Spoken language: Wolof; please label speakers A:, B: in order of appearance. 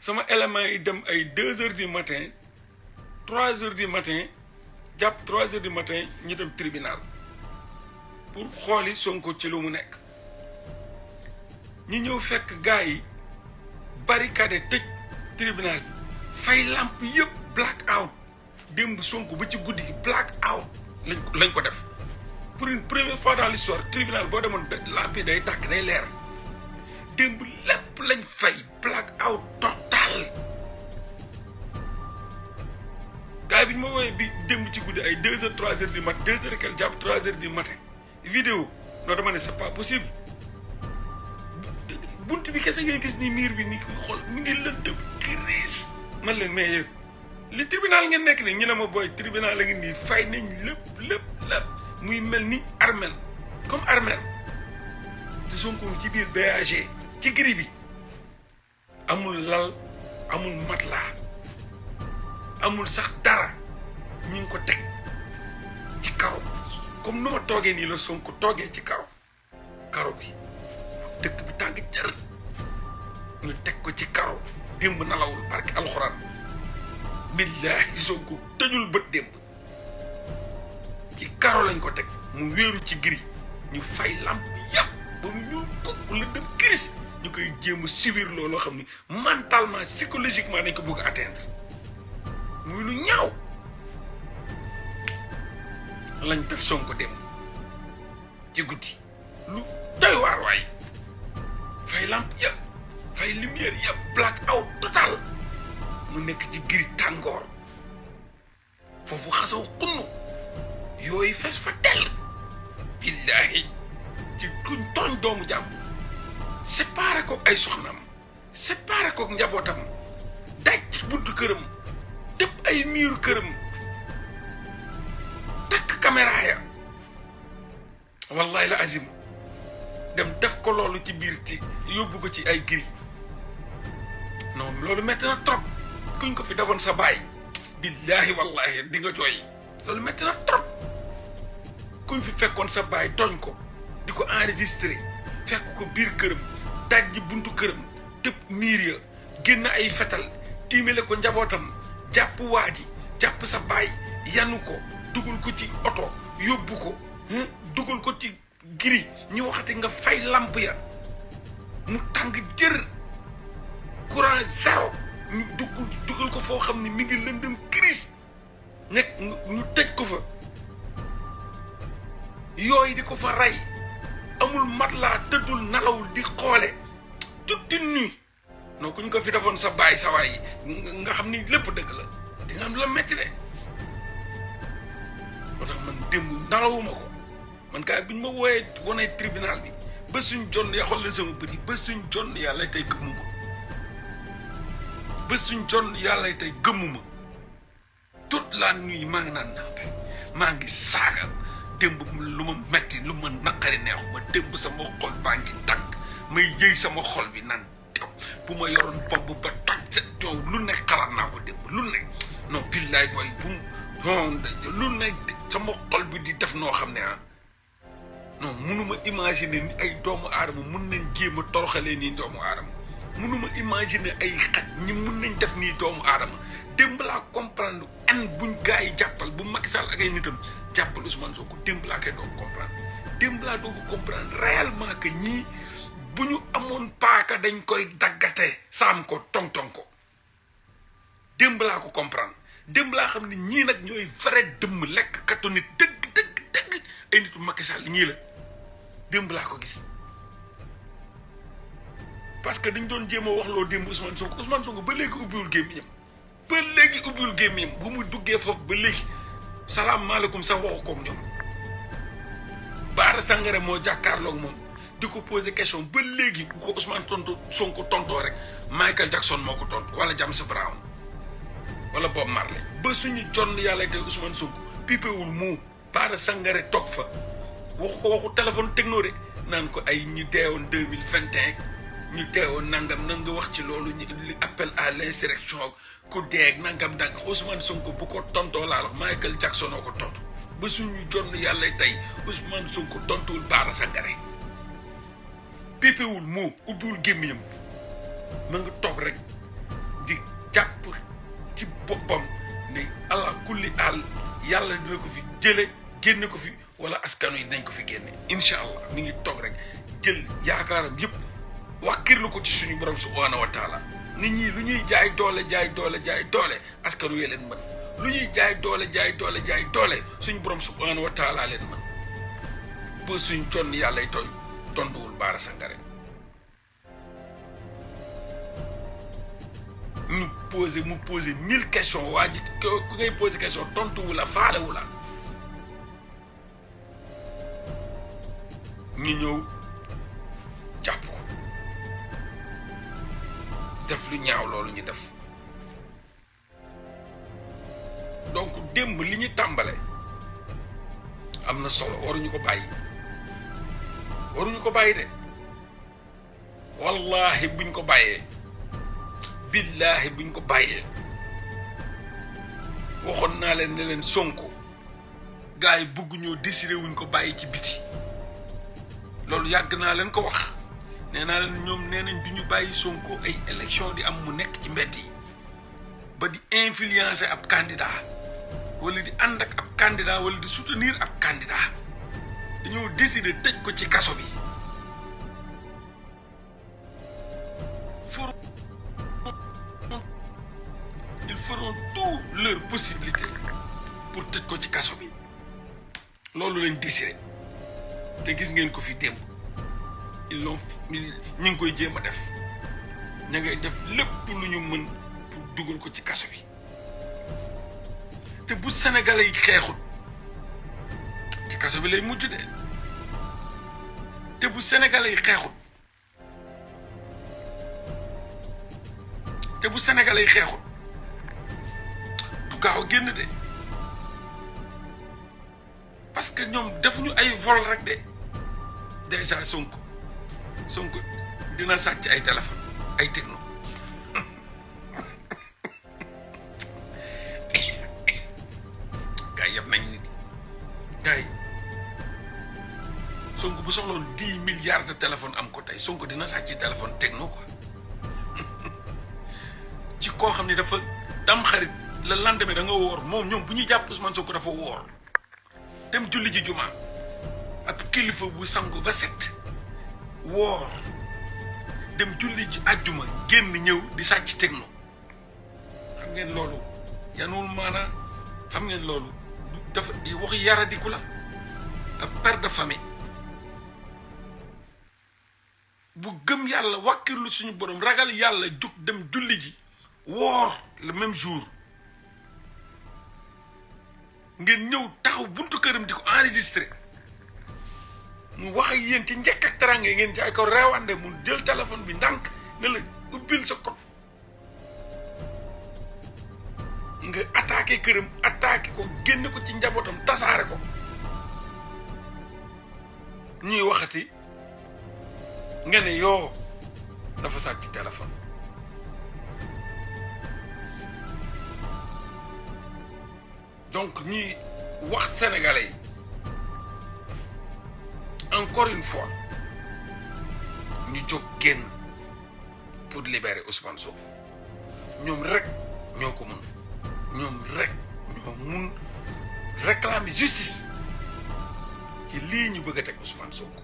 A: sama élément yi dem ay deux heures du matin trois heures du matin jàpp trois heures du matin ñu dem tribinal pour xooli Sonko ci lu mu nekk ñi ñëw fekk gars yi barricade tëj tribunal fay lamp yëpp black out démb Sonko bu ci guddi gi black out lañ ko lañ ko def pour une première fois dans l'histoire tribinal boo demoon lamp yi day tàkk day leer lépp lañ fay black out total gars yi bi ñu ma woowee bi démb ci guddi ay deux heures trois heures du matin deux heures quel jàpp trois heures du matin vidéo non dama ne c'est pas possible bunt bi kese ngay gis ni miir bi ni xool mi ngi lëndëm crise man leen mais yéen li tribunal ngeen nekk ni ñu ne ma booy tribunal la ngeen di fay nañ lépp lépp lépp muy mel ni armel comme armel te Sonko ci biir BAG ci giri bi amul lal amul matelas amul sax dara ñu ngi ko teg ci karo comme nu ma toogee nii la Sonko toogee ci karo karo bi dëkk bi tàng jër ñu teg ko ci karo démb nalawul barke alxuraan billaahi Sonko tëjul bët démb ci karo lañ ko teg mu wéeru ci giri ñu fay lamp yàpp ba mu ñuul kukk la kiris ñu koy jéem a subir looloo xam ni mentalement psychologiquement dañ ko bugg atteindre muy lu ñaaw lañ def Sonko dem ci guddi lu doy waay fay lampe yëpp fay lumière yëpp black out total mu nekk ci giri tàngoor foofu xasaw xunnu yooyu fees fa tell billaahi ci kuñ tooñ doomu jàmm séparé kook ay soxnaam séparé kook njabootam daj buntu këram tëb ay miiru këram takk caméra ya la azim dem def ko loolu ci biir ci yóbbu ko ci ay gri non loolu metti na trop kuñ ko fi defoon sa baay billaahi wallahi di nga jooy loolu metti na trop kuñ fi fekkoon sa baay tooñ ko di ko enregistré fekk ko biir këram dajji buntu këram tëb niir ya génn ay fetal tiimale ko njabootam jàpp waa ji jàpp sa baay yanu ko dugal ko ci oto yóbbu ko dugal ko ci giri ñu waxati nga fay lamp ya mu tàng jër courant zéro ñu dugal ko foo xam ne mi ngi lëndëm crise nekk ñu tëj ko fa yooyu di ko fa ray amul mat laa tëddul nalawul di xoole toute une nuit non ku ko fi defoon sa baay sa waay nga xam ni lépp dëgg la di nga am la métti de moo tax man démb nalawuma ko man kaay bi ñu ma wooyee wanee tribunal bi ba suñ jonn yaa xool leen sama yi ba suñ jonn yàlla tey gëmmuma ba suñ jonn yàlla tey gëmmuma toute la nuit maa ngi naan naa maa ngi saaga démb lu ma metti lu ma naqari neexuma démb sama xol baa ngi tàkk may yëy sama xol bi naan tam bu ma yoroon bomb ba toj sa coow lu ne xalaat naa ko démb lu ne non billaay booy bu mu lu ne sama xol bi di def noo xam ne ah non munuma imaginer ni ay doomu aadama mun nañ jéem a toroxalee nii doomu aadama munuma imaginer ay xaj ñi mun nañ def nii doomu aadama démb laa comprendre an buñ gars yi jàppal bu Macky Sall ak ay nitam jàppal Ousmane Sonko démb laa koy doog comprendre démb laa doog comprendre réellement que ñii bu ñu amoon paaka dañ koy daggate saam ko tong-tong ko démb laa ko comprendre démb laa xam ni ñii nag ñooy vrai dëmm lekk katu nit dëgg dëgg dëgg ay nitu Macky Sall ñii la démb laa ko gis parce que dañu doon jéem a wax loo démb Ousmane Sonko Ousmane Sonko ba léegi ubbiwul gémmiñam ba léegi ubbiwul gémmiñam bu mu duggee foofu ba léegi salaamaaleykum sax waxu koog ñoom Baara Sangare moo jàkkaarlook moom di ko poser question ba léegi bu ko Ousmane tontu Sonko tontoo rek Michael Jackson moo ko tontu wala James Brown wala Bob Marley ba suñu jonn yàlla tey Ousmane Sonko pipewul mu Baara Sangaré toog fa waxu ko waxu téléphone techno de ko ay ñu deewoon deux mille vingt et un ñu nangam nan nga wax ci loolu ñu li appel à l'insurrection ku deeg nangam dang Ousmane Sonko bu ko tontoo laa wax Michael Jackson ko tontu ba suñu jonn yàlla tey Ousmane Sonko tontuwul Baara Sangaré pépéwul moo ubbiwul gémmiñam ma nga toog rek di jàpp ci boppam ne allah àll yàlla dina ko fi jële génne ko fi wala askanu yi dañ ko fi génne incha allah mi ngi toog rek jël yaakaaram yëpp lu ko ci suñu borom subhaanahu wa taala nit ñi lu ñuy jaay doole jaay doole jaay doole askanu yee leen mën lu ñuy jaay doole jaay doole jaay doole suñu borom subhaanahu wa taala leen mën ba suñu jonn yàllay tooy tontuwul Baara Sangaré ñu posé mu posé mille question waa ji ku ngay posé question tontuwu la faalewu la ñu ñëw jàpp ko def lu ñaaw loolu ñu def donc démb li ñu tàmbale am na solo waruñu ko bàyyi. waruñu ko bàyyi de wallaahi buñ ko bàyyee billaahi buñ ko bàyyee waxoon naa leen ne leen sonko gars yi bugg ñoo wuñ ko bàyyi ci biti loolu yàgg naa leen ko wax nee naa leen ñoom nee nañ du ñu bàyyi sonko ay élection di am mu nekk ci mbedd yi ba di influencer ab candidat wala di ànd ak ab candidat wala di soutenir ab candidat dañoo décider tëj ko ci kaso bi ils feront tout leur possibilité pour tëj ko ci kaso bi loolu lañ décidé te gis ngeen ko fi démb ils l'ont ñu ngi koy jéem a def ña ngay def lépp lu ñu mën pour dugal ko ci kaso bi te bu sénégalais yi xeexut ci kaso bi lay mujj de te bu sénégalais yi xeexut te bu sénégalais yi xeexut du gaaw a génn de parce que ñoom defuñu ay vol rek de déjà Sonko Sonko dina sàcc ay téléphone ay techno Sonko bu soxloon dix milliards de am ko tey Sonko dina sàcc ci téléphone techno quoi ci koo xam ni dafa tam xarit le lendemain da nga woor moom ñoom bu ñuy jàpp soo ko dafa woor dem julli ji jumaa kilifa bu sangu ba set woor dem julli ji àjjuma génn ñëw di sàcc techno xam ngeen loolu yanul maanaa xam ngeen loolu dafa wax yaradiku la ak père de famille bu gëm yàlla wàkkirlu suñu borom ragal yàlla jóg dem julli ji woor le même jour ngeen ñëw taxaw buntu këram di ko enregistré mu wax ak yéen ci njëkk ak teraange ngeen ci ay ko reewande mu jël téléphone bi ndànk ne la ubbil sa kot nga attaqué këram attaqué ko génn ko ci njabootam tasaare ko ñuy waxati. nga ne yoo dafa sàcc téléphone donc ñuy wax sénégalais yi encore une fois ñu jóg génn pour libérer Ousmane Sonko ñoom rek ñoo ko mun ñoom rek ñoo mun réclamer justice ci lii ñu bëgg a teg Ousmane Sonko